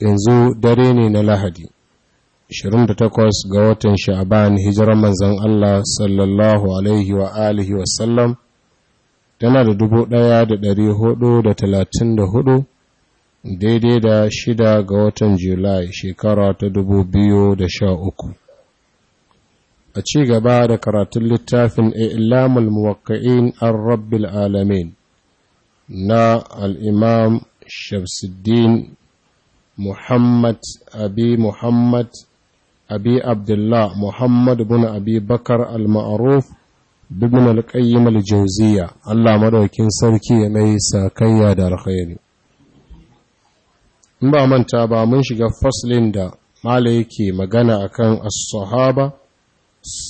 yanzu dare ne na lahadi 28 ga watan sha'aban hijiran manzan Allah sallallahu alaihi wa alihi wasallam tana da 1434 daidai da shida ga watan julai shekara ta dubu biyu da sha uku. a ci gaba da karatun littafin ilamul muwakka'in an rabbil alamin na al'imam shamsuddin محمد أبي محمد أبي عبد الله محمد بن أبي بكر المعروف بابن القيم الجوزية الله مدوكين سركي ميسا كيا دار خيري in ba manta ba mun shiga faslin da mala yake magana akan as-sahaba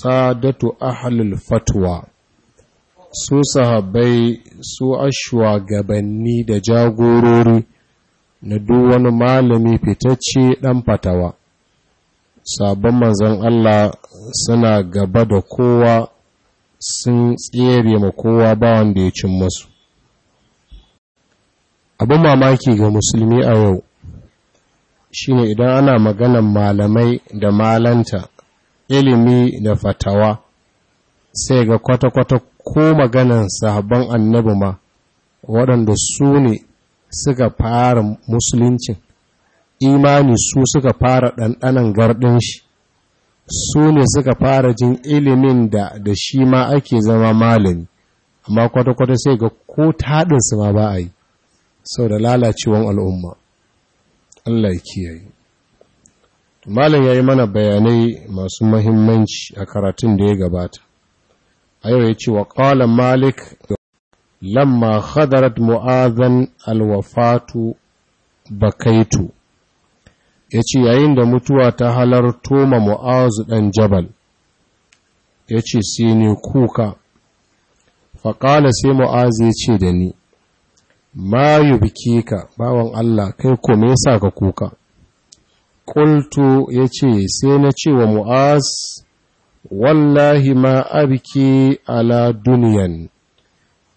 sadatu ahlul fatwa su sahabbai su ashwa gabanni da jagorori na duk wani malami fitacce ɗan fatawa sabon manzon Allah suna gaba da kowa sun tsere ma kowa ba wanda ya cin masu abin mamaki ga musulmi a yau shi ne idan ana maganan malamai da malanta ilimi da fatawa sai ga kwata-kwata ko maganan sahabban annabi ma waɗanda su ne suka fara musuluncin imani su suka fara ɗanɗanan garɗin shi su ne suka fara jin ilimin da da shi ma ake zama malami amma kwata-kwata sai ga ko taɗinsu ma ba a yi sau da lalacewan al'umma Allah ya kiyaye malam ya yi mana bayanai masu mahimmanci a karatun da ya gabata a yau ya ce wa malik lamma khadarat mu'azan alwafatu bakaitu ya ce yayin da mutuwa ta halarto ma mu'azu ɗan jabal ya ce sai ne kuka faƙala sai mu'azu ya ce da ni ma biki ka bawan Allah kai ko me yasa ka kuka Kultu ya ce sai na ce wa mu'az wallahi ma abiki ala duniyan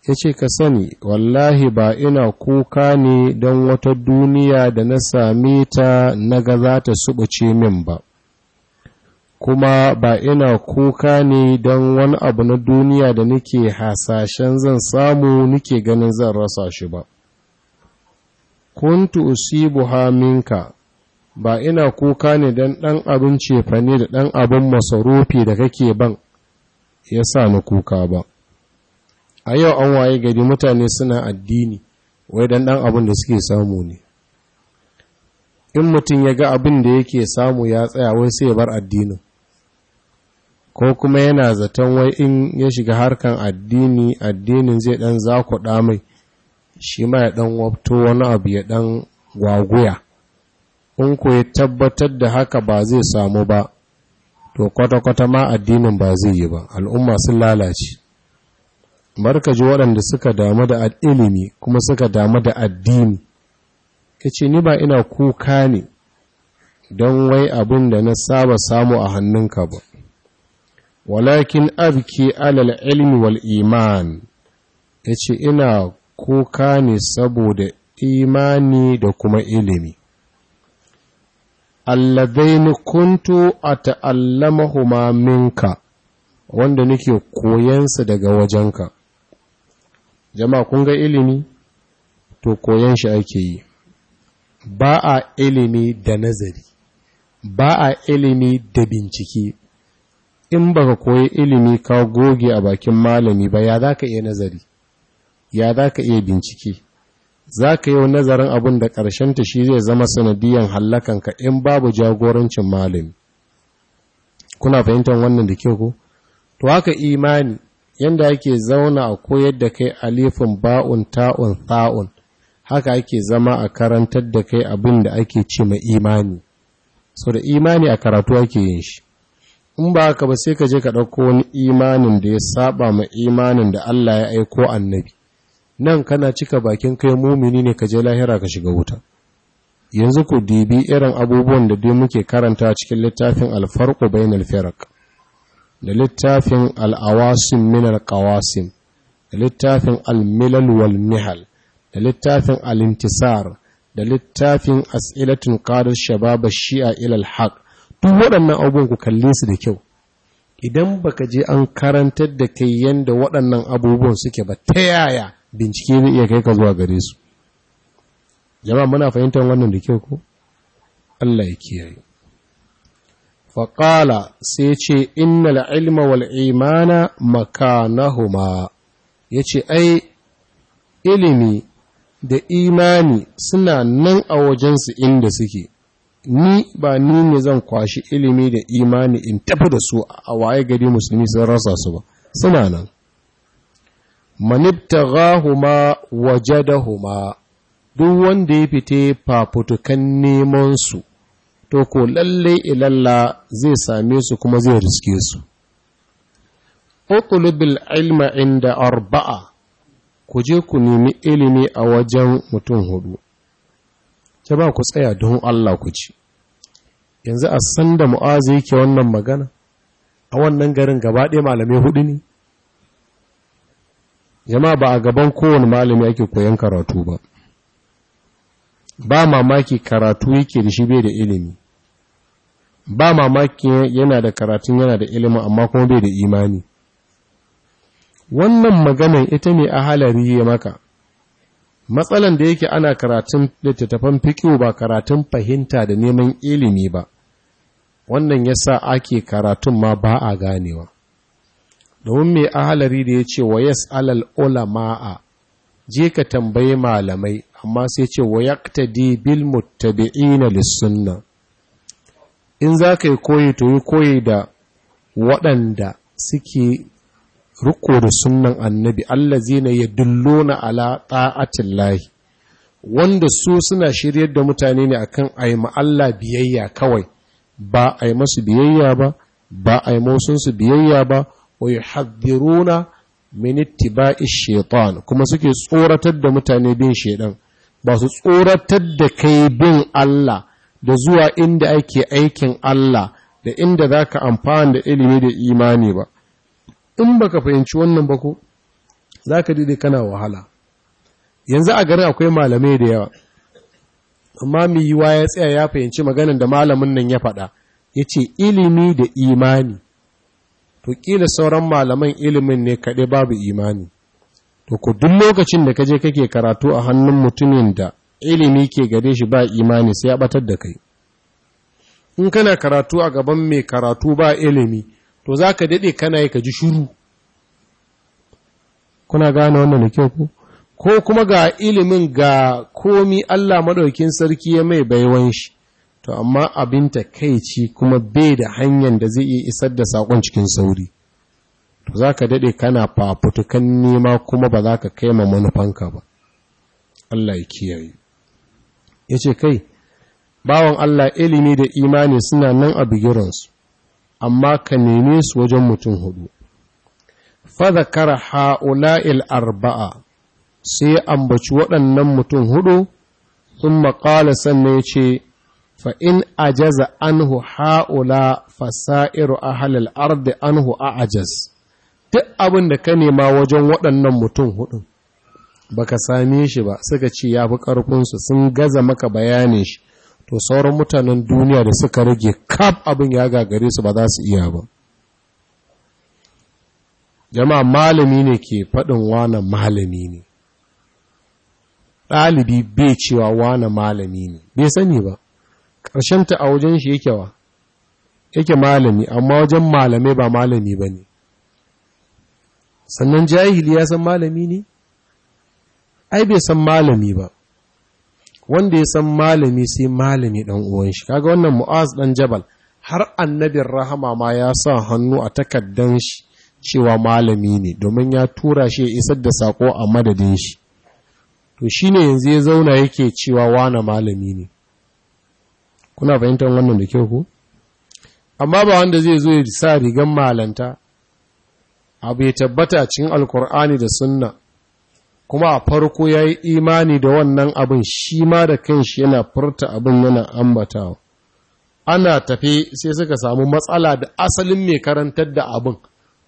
ya ce ka sani wallahi ba ina kuka ne don wata duniya da na same ta na ga za ta subuce min ba kuma ba ina kuka ne don wani abu na duniya da nake hasashen zan samu nake ganin zan rasa shi ba kuntu usibu haminka ba ina kuka ne don ɗan abin cefane da ɗan abin masarufi da kake ban ya sa ni kuka ba a yau an waye gari mutane suna addini wai dan dan abin da suke samu ne in mutum ya ga abin da yake samu ya tsaya wai sai ya bar addinin ko kuma yana zaton wai in ya shiga harkan addini addinin zai dan zakuɗa mai shi ma ya dan wabto wani abu ya dan gwaguya in ku ya tabbatar da haka ba zai samu ba to kwata-kwata ma addinin ba zai yi ba al'umma sun lalace Barka ji waɗanda suka damu da ilimi kuma suka damu da addini ka ce ni ba ina kuka ne don wai abin da na saba samu a hannunka ba walakin abki alal ilmi wal iman ka ce ina kuka ne saboda imani da kuma ilimi alladaini kuntu a ta'allama minka wanda nake koyansa daga wajenka jama'a kun ga ilimi to koyon shi ake yi ba a ilimi da nazari ba a ilimi da bincike in ba ka koyi ilimi ka goge a bakin malami ba ya za ka iya nazari ya za ka iya bincike za ka yi nazarin abin da ta shi zai zama sanadiyan ka in babu jagorancin malami kuna fahimtar wannan da kyau ko to haka imani yanda ake zauna a koyar da kai alifin ba'un ta'un tha'un haka ake zama a karantar da kai abin da ake ce mai imani so da imani a karatu ake yin shi in ba haka ba sai ka je ka ɗauko wani imanin da ya saba ma imanin da Allah ya aiko annabi nan kana cika bakin kai mumini ne ka je lahira ka shiga wuta yanzu ku dibi irin abubuwan da dai muke karanta cikin littafin alfarqu bainal firaq da littafin al'awasin minar ƙawasin da littafin almilal wal mihal da littafin alintisar da littafin as'ilatun ƙadar shabab shi'a ilal haq duk waɗannan abubuwan ku kalli su da kyau idan baka je an karantar da kai yanda waɗannan abubuwan suke ba ta yaya bincike zai iya kai ka zuwa gare su jama'a muna fahimtar wannan da kyau ko Allah ya kiyaye faƙala sai ce العلم والإيمان wal imana makanahuma ya ce ai ilimi da imani suna nan a wajensu inda suke ni ba ni ne zan kwashi ilimi da imani in tafi da su a waye gari musulmi sun rasa su ba suna nan da wajadahuma duk wanda ya fite fafutukan nemansu. su to ko lalle ilalla zai same su kuma zai riske su uqlubil ilma inda arba'a ku je ku nemi ilimi a wajen mutum hudu ta ba ku tsaya don Allah ku ci yanzu a san da mu'azi yake wannan magana a wannan garin gaba ɗaya malamai hudu ne jama'a ba a gaban kowane malami ake koyon karatu ba ba mamaki karatu yake da shi bai da ilimi ba mamaki yana da karatun yana da ilimi amma kuma bai da imani wannan maganan ita ne a halari ya maka matsalan da yake ana karatun littattafan fikiyo ba karatun fahimta da neman ilimi ba wannan yasa ake karatun ma ba a ganewa domin mai ahalari da ya ce wa yas alal ulama'a je ka tambayi malamai amma sai ce wa yaqtadi bil muttabi'ina lis in za ka yi koyi to yi koyi da waɗanda suke riko da sunan annabi Allah ne ya dullona ala ta'atin lahi wanda su suna shiryar da mutane ne akan aima Allah biyayya kawai ba a yi masu biyayya ba ba a yi su biyayya ba wa yuhaddiruna miniti ba shaitan kuma suke tsoratar da mutane bin shaidan ba su tsoratar da kai bin Allah da zuwa inda ake aikin Allah da inda za ka amfani da ilimi da imani ba in baka fahimci wannan ba za ka dide kana wahala yanzu a garin akwai malamai da yawa amma mai ya tsaya ya fahimci maganin da malamin nan ya faɗa ya ce ilimi da imani to ƙila sauran malaman ilimin ne kaɗai babu imani to ku duk lokacin da kaje kake karatu a hannun mutumin da ilimi ke gare shi ba imani sai ya batar da kai in kana karatu a gaban mai karatu ba ilimi to za ka daɗe kana yi ka ji shuru kuna gane wannan da kyau ku ko kuma ga ilimin ga komi Allah maɗaukin sarki ya mai baiwan shi to amma abin takaici kuma bai da hanyar da zai iya isar da saƙon cikin sauri to za ka daɗe kana fafutukan nema kuma ba za ka kai ma manufanka ba Allah ya kiyaye ya ce kai bawan Allah ilimi da imani suna nan a bigiransu amma ka neme su wajen mutum hudu fadakar ha'ula'il arba'a sai ambaci waɗannan mutum hudu sun maƙala sannan ya ce fa'in ajaza anhu ha'ula fasa'iru a halal arda anhu a ajaz duk abin da ka nema wajen waɗannan mutum hudun baka same shi ba suka ce ya fi ƙarfinsu sun gaza maka bayanin shi to sauran mutanen duniya da suka rage kaf abin ya gagare su ba za su iya ba jama'a malami ne ke faɗin wane malami ne ɗalibi bai cewa wane malami ne bai sani ba ƙarshen ta a wajen shi yake wa yake malami amma wajen malamai ba malami ba ne sannan jahili ya san malami ne ai bai san malami ba wanda ya san malami sai malami dan uwan shi kaga wannan mu'az dan jabal har annabin rahama ma ya sa hannu a takaddan shi cewa malami ne domin ya tura shi ya isar da sako a madadin shi to shine yanzu ya zauna yake cewa wana malami ne kuna fahimtar wannan da kyau ko amma ba wanda zai zo ya sa rigan malanta abu ya tabbata cikin alkur'ani da sunna kuma a farko ya yi imani da wannan abin shi ma da kanshi yana furta abin yana ambata, ana tafi sai suka samu matsala da asalin mai karantar da abin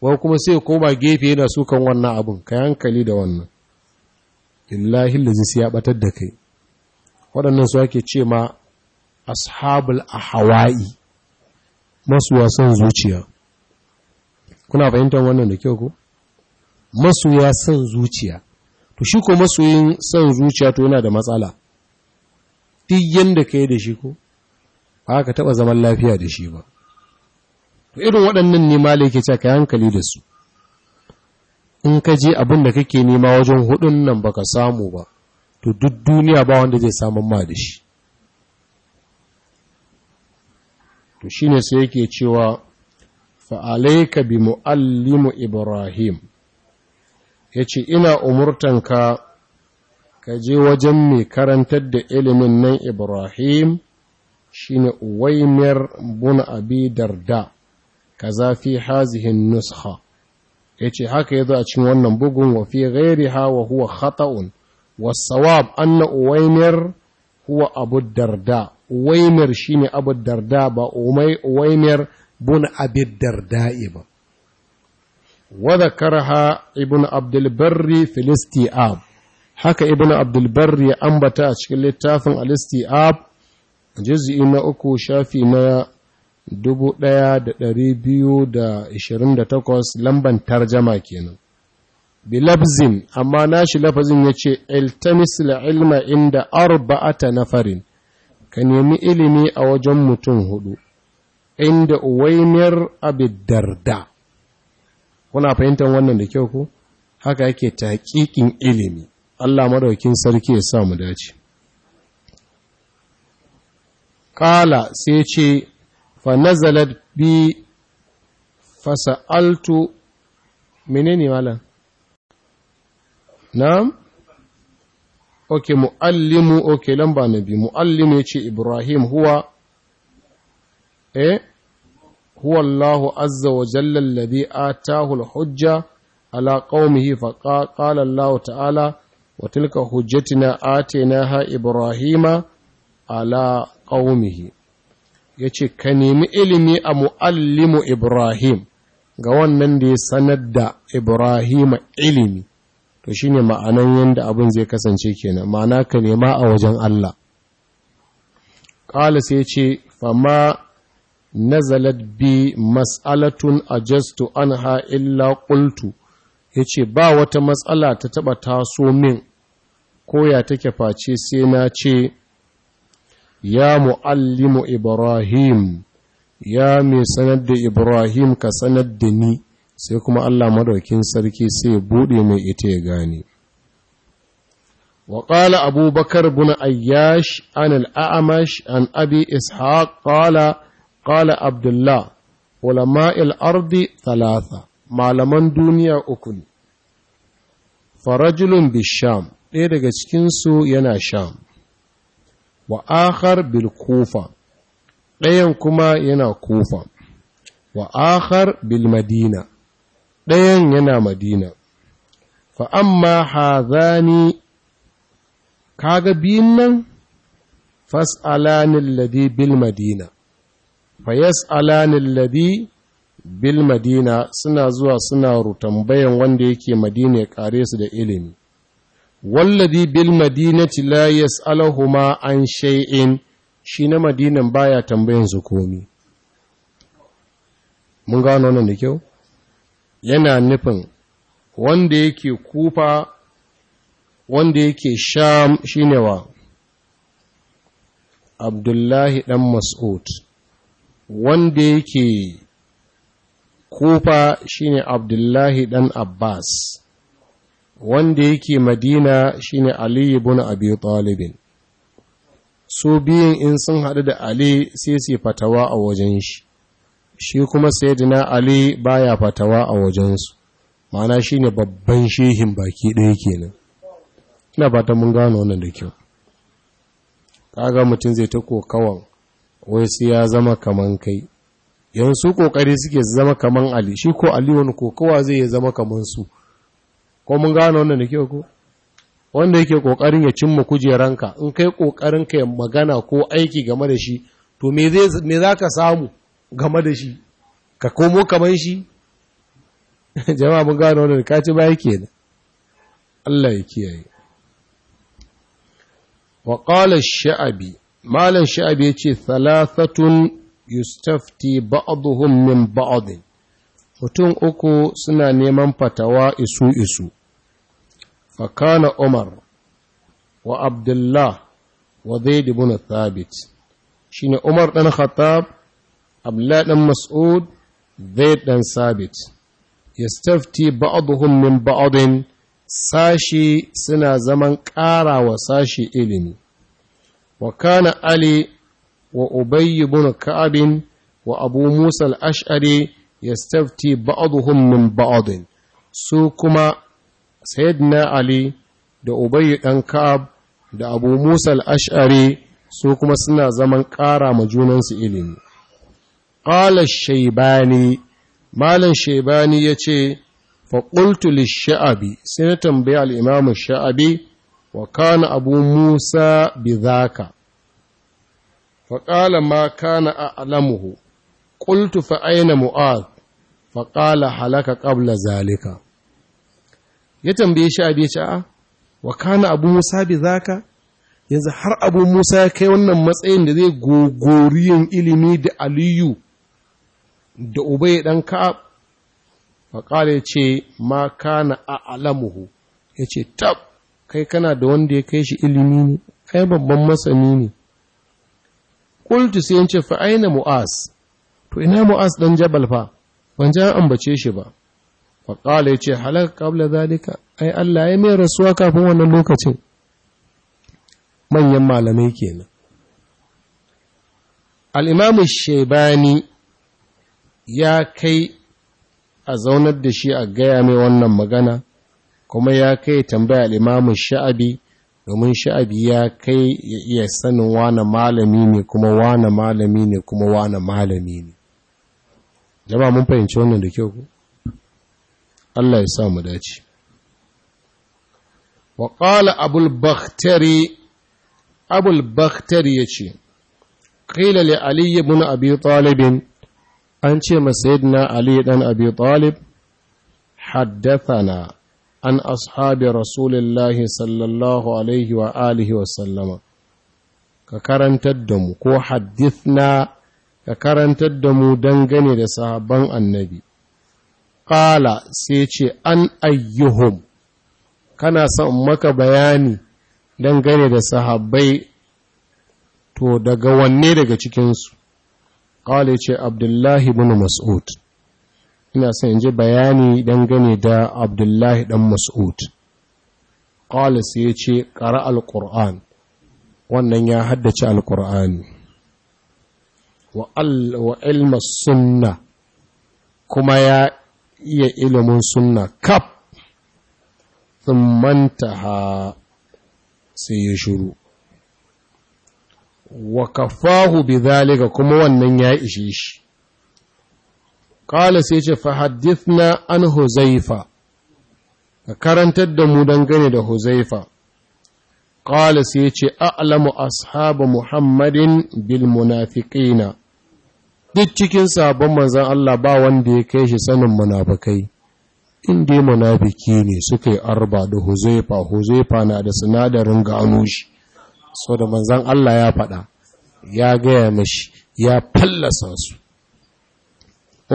wai kuma sai koma gefe yana sukan wannan abin ka yankali da wannan illahi ya batar da kai waɗannan su ake ce ma ashabul ahawa'i masu wasan zuciya kuna fahimtar wannan da kyau ko masu wasan zuciya to shi ko masoyin son zuciya to yana da matsala duk yanda ka yi da shi ko ba ka taɓa zaman lafiya da shi ba to irin waɗannan ne malai ke ka hankali da su in ka je abin da kake nema wajen hudun nan baka samu ba to duk duniya ba wanda zai samun ma da shi to shine sai yake cewa fa'alaika bi muallimu ibrahim ya ce ina umurtanka ka je wajen mai karantar da ilimin nan ibrahim shi ne uwaimiyar bun abi darda ka zafi hazihin nusha ya ce haka ya zo a cikin wannan bugun wa fi gairi wa huwa khata'un wasawab anna uwaimiyar huwa abu darda uwaimiyar shi ne abu darda ba uwaimiyar bun abi darda'i ba وذكرها ابن عبد البر في الاستيعاب haka ibn abdulbarri ya ambata a cikin littafin al-istiab juz'i na uku shafi na da 1228 lamban tarjama kenan bilabzin amma nashi lafazin yace iltamis ilma inda arba'ata na farin, ka nemi ilimi a wajen mutum huɗu, inda uwaimir abidarda kuna fahimtar wannan da kyau ku haka yake taƙiƙin ilimi Allah madaukin sarki ya sa mu dace qala sai ce fa nazalat bi fasa'altu menene malam na'am oke muallimu oke lamba na bi muallimu yace ibrahim huwa eh هو الله عز وجل الذي آتاه الحجة على hujja فقال الله تعالى وتلك حجتنا ta'ala إبراهيم على hujjatina atainaha ibrahima ala yace ka nemi ilimi a muallimu ibrahim ga wannan da ya sanar da ibrahima ilimi to shine ma'anan yanda abin zai kasance kenan ma'ana ka nema a wajen Allah qala sai yace fama nazalat bi mas'alatun ajastu anha illa qultu yace ba wata matsala ta taba taso min Ko ya take face sai na ce ya muallimu ibrahim ya mai sanar da ibrahim ka sanar da ni sai kuma Allah madaukin sarki sai bude mai ita ya gane وقال Abubakar بكر بن أياش عن الأعمش عن أبي إسحاق قال Ƙala Abdullah, ulama'il ardi talata, malaman duniya uku ne. Farajulun bisham, ɗaya daga cikinsu yana sham, wa akhar bil kufa, ɗayan kuma yana kufa, wa akhar bil madina, ɗayan yana madina. Fa amma hazani kaga biyun nan fas'alanin ladi bil madina fayas alanin ladi bil madina suna zuwa suna rutambayan wanda yake madina ya kare su da ilimi walladi bil madinati la yas'aluhuma an shay'in shi na madinan baya tambayan su komi mun gano nan da kyau yana nufin wanda yake kufa wanda yake sham shine wa abdullahi dan mas'ud wanda yake kufa shine abdullahi ɗan abbas wanda yake madina shine ali ibn abi talibin su biyun in sun haɗu da ali sai su fatawa a wajen shi shi kuma sayyidina ali baya fatawa a wajen wajensu ma'ana shine babban shehin baki ɗaya kenan ina fata mun gano wannan da kyau kaga mutum zai ta kokawan wai su ya zama kaman kai yanzu kokari suke zama kaman ali shi ko ali wani kokowa zai ya zama kaman su ko mun gano wannan da kyau ko wanda yake kokarin ya cimma kujeranka in kai kokarin ka magana ko aiki game da shi to me zai me zaka samu game da shi ka komo kaman shi jama'a mun gano wannan ka ci yake ne Allah ya kiyaye wa qala ash-sha'bi malam sha'abi ya ce thalathatun yustafti ba'aduhum min ba'adin mutum uku suna neman fatawa isu isu fakana umar wa abdullah wa zaid ibn thabit shine umar dan khattab abla dan mas'ud zaid dan sabit yustafti ba'aduhum min ba'adin sashi suna zaman ƙara wa sashi ilimi Wakana ali wa ubay ibn Ka'abin wa abu musa ashari yastafti ba'dhum min ba'd su kuma sayyidina ali da ubay dan ka'ab da abu musa ashari su kuma suna zaman ƙara ma junansu ilimi qala shaibani malam Shaibani ya ce, qultu lish sai na tambaya al'imamin Sha'abi. wa kana abu musa bi faƙala ma kana a alamuhu ƙultu aina mu'ad faƙala halaka ƙabla zalika ya tambaye shi abe ci a wa kana abu musa bi yanzu har abu musa ya kai wannan matsayin da zai gogoriyin ilimi da aliyu da ubai ɗan ka'ab faƙala ya ce ma kana a alamuhu ya ce tab kai kana da wanda ya kai shi ilimi ne kai babban masani ne Kultu sai yace fa aina mu'az to ina mu'az ɗan jabal fa ban ja ambace shi ba wa ya yace halak ƙabla zalika ai Allah ya mai rasuwa kafin wannan lokacin manyan malamai kenan al-imam ya kai a zaunar da shi a gaya mai wannan magana kuma ya kai tambaya limamin sha'abi domin sha'abi ya kai ya iya sanin wane malami ne kuma wane malami ne kuma wane malami ne jama mun fahimci wannan da kyau Allah ya sa mu dace wa qala abul bakhtari abul bakhtari yace qila li ali ibn abi talib an ce ma sayyidina ali dan abi talib haddathana an ashabi rasulillahi sallallahu alaihi wa alihi wa sallama ka karantar da mu ko hadithna ka karantar da mu dangane da sahabban annabi qala sai ce an ayyuhum kana son maka bayani dangane da sahabbai to daga wanne daga cikinsu qala ce abdullahi ibn mas'ud ina son in ji bayani dangane da abdullahi dan mas'ud qala sai ya ce qara alquran wannan ya haddace alqur'ani wa wa ilma sunna kuma ya iya ilimin sunna kaf thummantaha sai ya shuru. wa kafahu bidhalika kuma wannan ya ishe shi Kala sai ce na an Huzaifa, ka karantar da mu dangane da Huzaifa. Kala sai ce a'lamu ashaba Muhammadin bil munafiqina duk cikin sabon manzan Allah ba wanda ya kai shi sanin munafikai. inda munafiki ne suka yi arba da Huzaifa, Huzaifa na da sinadarin gano shi, so da manzan Allah ya faɗa, ya gaya mashi, ya fallasa su.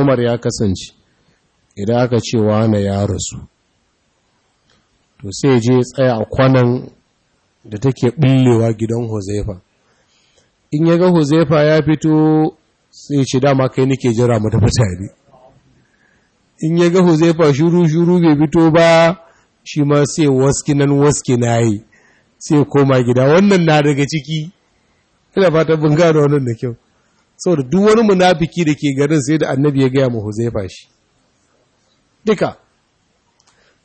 umar ya kasance idan aka ce wane ya rasu to sai je tsaya a kwanan da take ɓullewa gidan huzaifa in ya ga huzaifa ya fito sai ce dama kai nake jira mata fitari in ya ga huzaifa shuru-shuru bai fito ba shi ma sai nan waski na yi sai koma gida wannan na daga ciki ina fata bunga gano wannan da kyau saboda duk wani munafiki da ke garin sai da annabi ya gaya mu huzaifa shi duka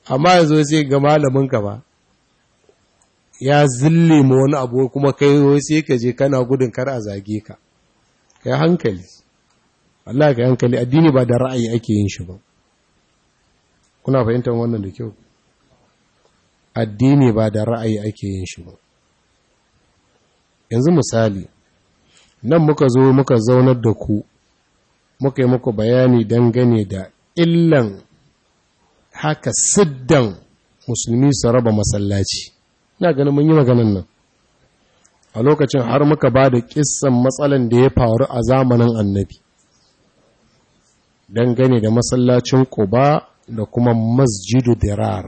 amma yanzu sai ga malamin ka ba ya zille ma wani abu kuma kai wai sai ka je kana gudun kar a zage ka kai hankali Allah ka hankali addini ba da ra'ayi ake yin shi ba kuna fahimtar wannan da kyau addini ba da ra'ayi ake yin shi ba yanzu misali nan muka zo muka zaunar da ku muka yi muku bayani dangane da illan haka siddan musulmi su raba masallaci na ganin mun yi maganin nan a lokacin har muka ba da kissan matsalan da ya faru a zamanin annabi dangane da masallacin kuba da kuma masjidu dirar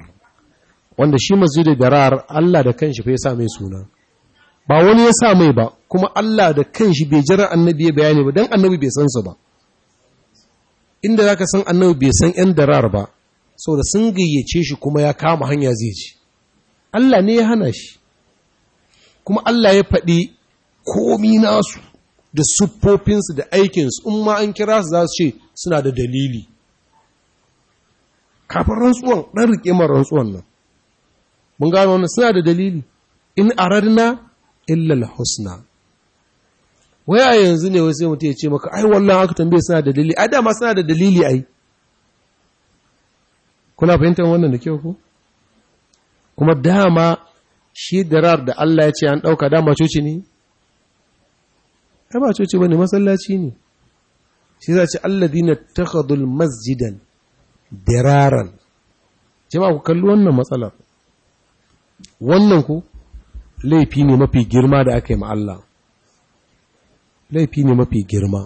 wanda shi masjidu dirar Allah da kanshi fa ya sa mai suna ba wani ya sa mai ba kuma Allah da kanshi bai jira annabi ya bayani ba dan annabi bai san su ba inda zaka san annabi bai san yan darar ba saboda sun gayyace shi kuma ya kama hanya zai ci Allah ne ya hana shi kuma Allah ya faɗi komi nasu da siffofinsu da aikinsu in ma an kira su za su ce suna da dalili kafin rantsuwan ɗan riƙe rikimar rantsuwan nan mun gano wannan suna da dalili in ararna illal husna waya yanzu ne wasu mutum ya ce maka ai wannan aka tambaye suna da dalili ai dama suna da dalili ai kuna fahimtar wannan da kyau ko kuma dama shi darar da Allah ya ce an ɗauka dama coci ne ai ba coci bane masallaci ne shi za ce alladhina takhadul masjidan diraran jama'a ku kalli wannan matsalar wannan ku laifi ne mafi girma da aka yi ma Allah laifi ne mafi girma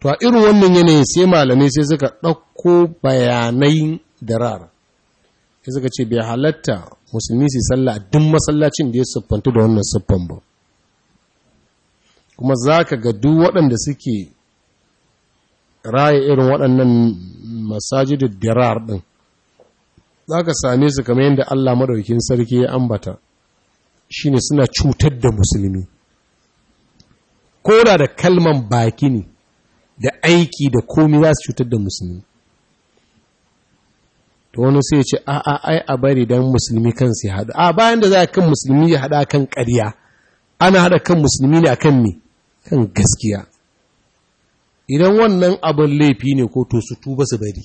to a irin wannan yanayin sai malamai sai suka ɗauko bayanai da rara sai suka ce bai halatta musulmi su sallah duk masallacin da ya siffantu da wannan siffan ba kuma za ka ga duk waɗanda suke raya irin waɗannan da dirar ɗin za ka same su kamar yadda Allah maɗaukin sarki ya ambata shi ne suna cutar da musulmi koda da kalman baki ne da aiki da komi za su cutar da musulmi to wani sai ce a a ai a bari dan musulmi kansu ya haɗu a bayan da za kan musulmi ya haɗa kan ƙarya ana hada kan musulmi ne akan me kan gaskiya idan wannan abin laifi ne ko to su tuba su bari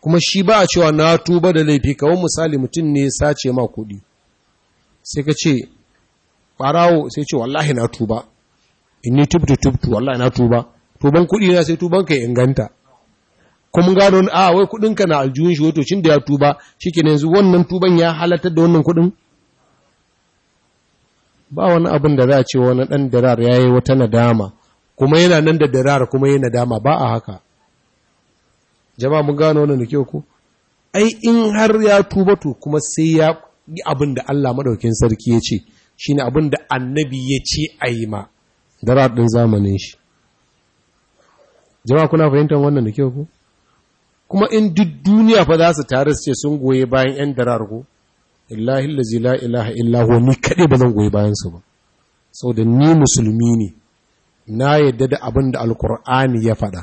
kuma shi ba a cewa na tuba da laifi kawai misali mutum ne ya sace ma kuɗi sai ka ce ɓarawo sai ce wallahi na tuba in ni tubtu tubtu wallahi na tuba tuban kudi na sai tuban ka inganta kuma gano a ah, wai kudin ka na aljihun shi wato cin da ya tuba shikenan yanzu wannan tuban ya halatar da wannan kuɗin ba wani abin da za a ce wani ɗan dirar ya yi wata nadama kuma yana nan da dirar kuma yi nadama ba a haka jama'a mun gano wannan da kyau ko ai in har ya tuba to kuma sai ya yi abin da Allah madaukin sarki ya ce shine abin da annabi ya ce a yi ma da ɗin zamanin shi jama'a kuna fahimtar wannan da kyau ku kuma in duk duniya fa za su tare su ce sun goye bayan yan darar ku illahi allazi la ilaha illa ni kaɗe ba zan goyi bayansu su ba da ni musulmi ne na yadda da abin da alkur'ani ya faɗa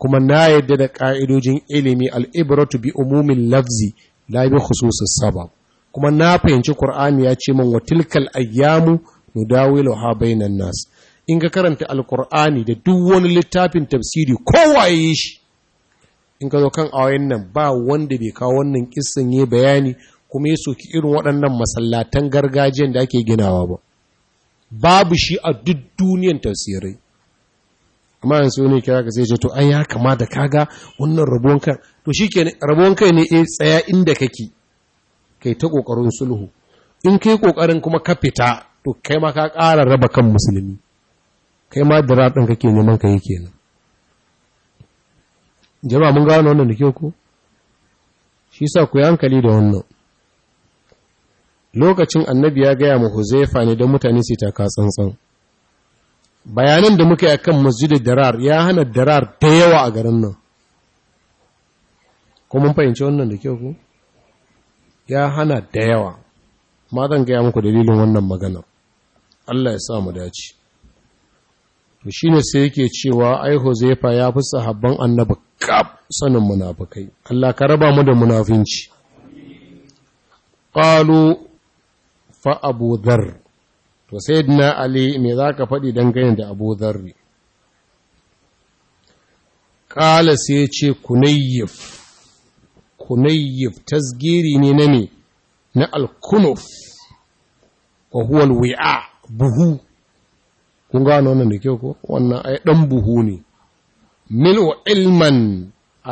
kuma na yadda da ƙa'idojin ilimi al'ibratu bi umumin lafzi la bi khususus sabab kuma na fahimci Kur'ani ya ce min watilkal ayyamu nudawilu ha bainan nas in ka karanta alqur'ani da duk wani littafin tafsiri kowa yi shi in ka zo kan ayoyin nan ba wanda bai kawo wannan kissan yi bayani kuma ya soki irin waɗannan masallatan gargajiyan da ake ginawa ba babu shi a duk duniyan tafsirai amma yanzu ne kira ka sai ce to ai ya kama da kaga wannan rabuwan kan to shikenan rabuwan kai ne eh tsaya inda kake kai ta ƙoƙarin sulhu in kai ƙoƙarin kuma ka fita to kai ma ka ƙara raba kan musulmi kai ma da ɗin kake neman ka yi kenan jama'a mun gano wannan da ke ku shi sa ku yi hankali da wannan lokacin annabi ya gaya ma huzaifa ne don mutane su taka tsantsan bayanan da muka yi a kan masjidin darar ya hana darar da yawa a garin nan ko mun fahimci wannan da kyau ku ya hana da yawa ma zan gaya muku dalilin wannan magana Allah ya sa mu dace to shine sai yake cewa ai Huzaifa ya fi sahabban annabi kaf sanin munafikai Allah ka raba mu da munafinci qalu fa Abu Dharr to sayyidina Ali me zaka faɗi dangane da Abu Dharr qala sai ya ce kunayyif kunayyib tasgiri ne na ne na alkunuf wa huwal wi'a buhu kun gano wannan da kyau ko wannan ai dan buhu ne wa ilman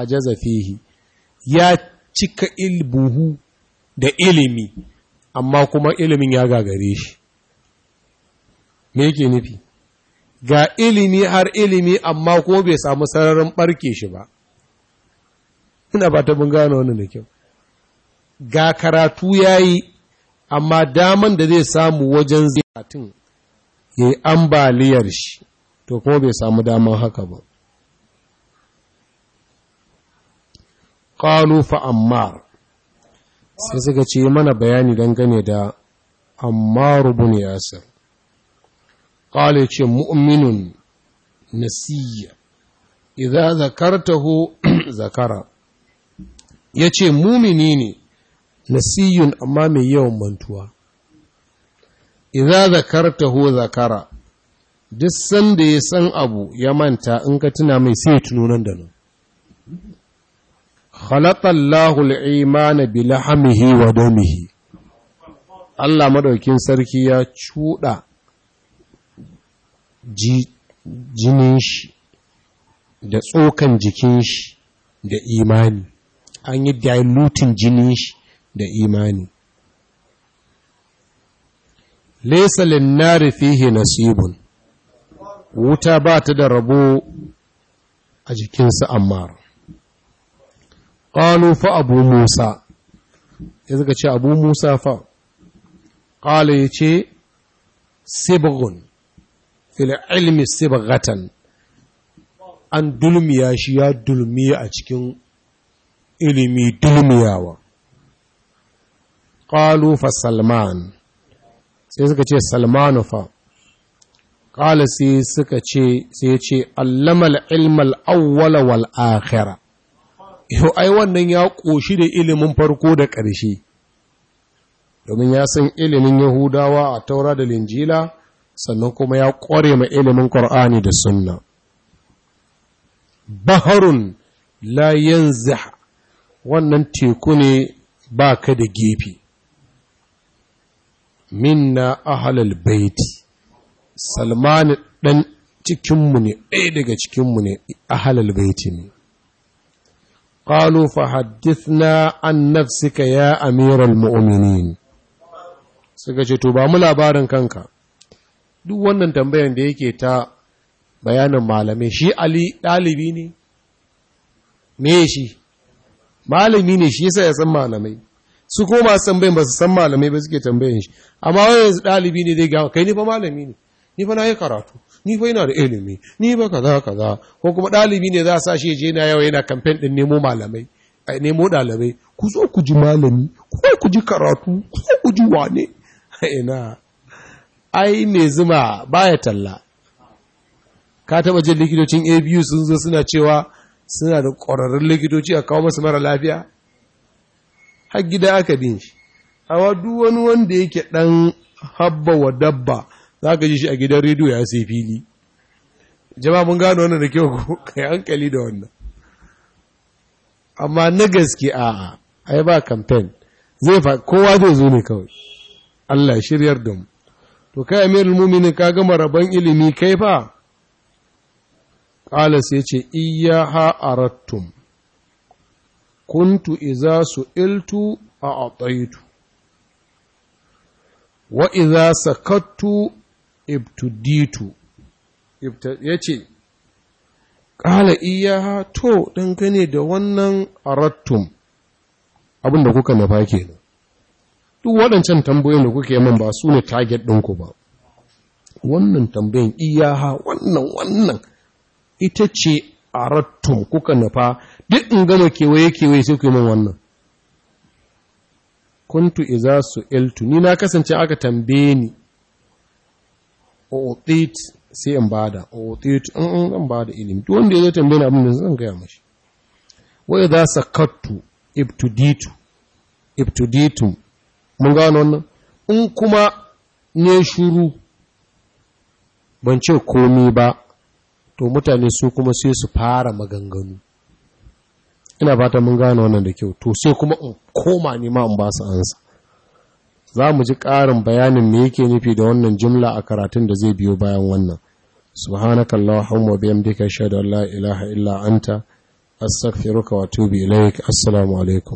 ajaza fihi ya cika buhu da ilimi amma kuma ilimin ya gagare shi me yake nufi ga ilimi har ilimi amma ko bai samu sararin barke shi ba ina ba ta gane da kyau ga karatu ya yi, amma daman da zai samu wajen zaitun ya yi ambaliyar shi to kuma bai samu daman haka ba ƙalu fa ammar sai suka ce mana bayani dangane da ammaru bin yasir ya ce mu'minun nasiya zakar zakartahu zakara ya ce mumini ne siyun amma mai yawan mantuwa ta zakartahu zakara duk sanda ya san abu ya manta in ka tuna mai sai tuno nan da nan khalaqa Allahu al bi wa damihi Allah maɗaukin sarki ya cuda jinin shi da tsokan jikin shi da imani an yi dilutin jini shi da imani na nari na nasibun wuta ba ta da rabo a jikinsu amma. Ƙalu fa abu musa ya zika ce abu musa fa qala yace ce fil ilmi sibghatan an dulmiya shi ya dulmiya a cikin ilimi dulmiyawa ƙalu fa salman sai suka ce salmanu fa ƙala sai suka ce sai ce allamal ilmal awwala wal akhira yau ai wannan ya ƙoshi da ilimin farko da ƙarshe domin ya san ilimin yahudawa a taura da linjila sannan kuma ya ƙware ma ilimin Ƙur'ani da sunna baharun la yanzih wannan teku ne ba ka da gefe minna ahalal baiti salmani ɗan cikinmu ne ɗaya daga cikinmu ne ahalal baiti ne قالوا فحدثنا عن نفسك ya أمير المؤمنين suka ce to ba mu labarin kanka duk wannan tambayan da yake ta bayanin malamai shi ali ɗalibi ne me shi malami ne shi yasa ya san malamai su ko san bai ba su san malamai ba suke tambayin shi amma wani yanzu ne zai gawa kai ni fa malami ne ni fa na yi karatu ni fa yana da ilimi ni fa kaza kaza ko kuma dalibi ne za a sa shi je na yawa yana kamfen din nemo malamai a nemo ɗalibai ku zo ku ji malami ku zo ku ji karatu ku zo ku ji wane ina ai me zuma baya talla ka taɓa jin likitocin abu sun zo suna cewa suna da ƙwararrun likitoci a kawo masu mara lafiya har gida aka bin shi awa duk wani wanda yake ɗan habba wa dabba za ka ji shi a gidan rediyo ya sai fili jama'a mun gano wannan da kyau ko kai hankali da wannan amma na gaske a ai ba kamfen. zai fa kowa zai zo ne kawai Allah shiryar da mu to kai amirul mumini ka gama rabon ilimi kai fa ƙala sai ce iya ha'arattum kuntu iza su iltu a ataitu wa iza sakattu ibtuditu ya ce ƙala iya to dangane da wannan arattum abinda kuka nufa kenan duk waɗancan tambayoyin da kuke min ba su ne target ɗinku ba wannan tambayin ha wannan wannan ita ce a arattu kuka nufa duk in gama kewaye kewaye sai ku yi min wannan kuntu iza su iltu ni na kasance aka tambaye ni otit sai in bada otit in in zan bada ilimi duk wanda ya zo tambaye ni abin da zan gaya mashi wa idza sakattu ibtuditu ibtuditum mun gano wannan in kuma ne shuru ban ce komi ba to mutane su kuma sai su fara maganganu ina fata mun gane wannan da kyau to sai kuma in koma ne ma in ba su ansa za mu ji ƙarin bayanin me yake nufi da wannan jumla a karatun da zai biyo bayan wannan subhanakallahumma wa bihamdika ashhadu an la ilaha illa anta astaghfiruka wa atubu ilaik assalamu alaikum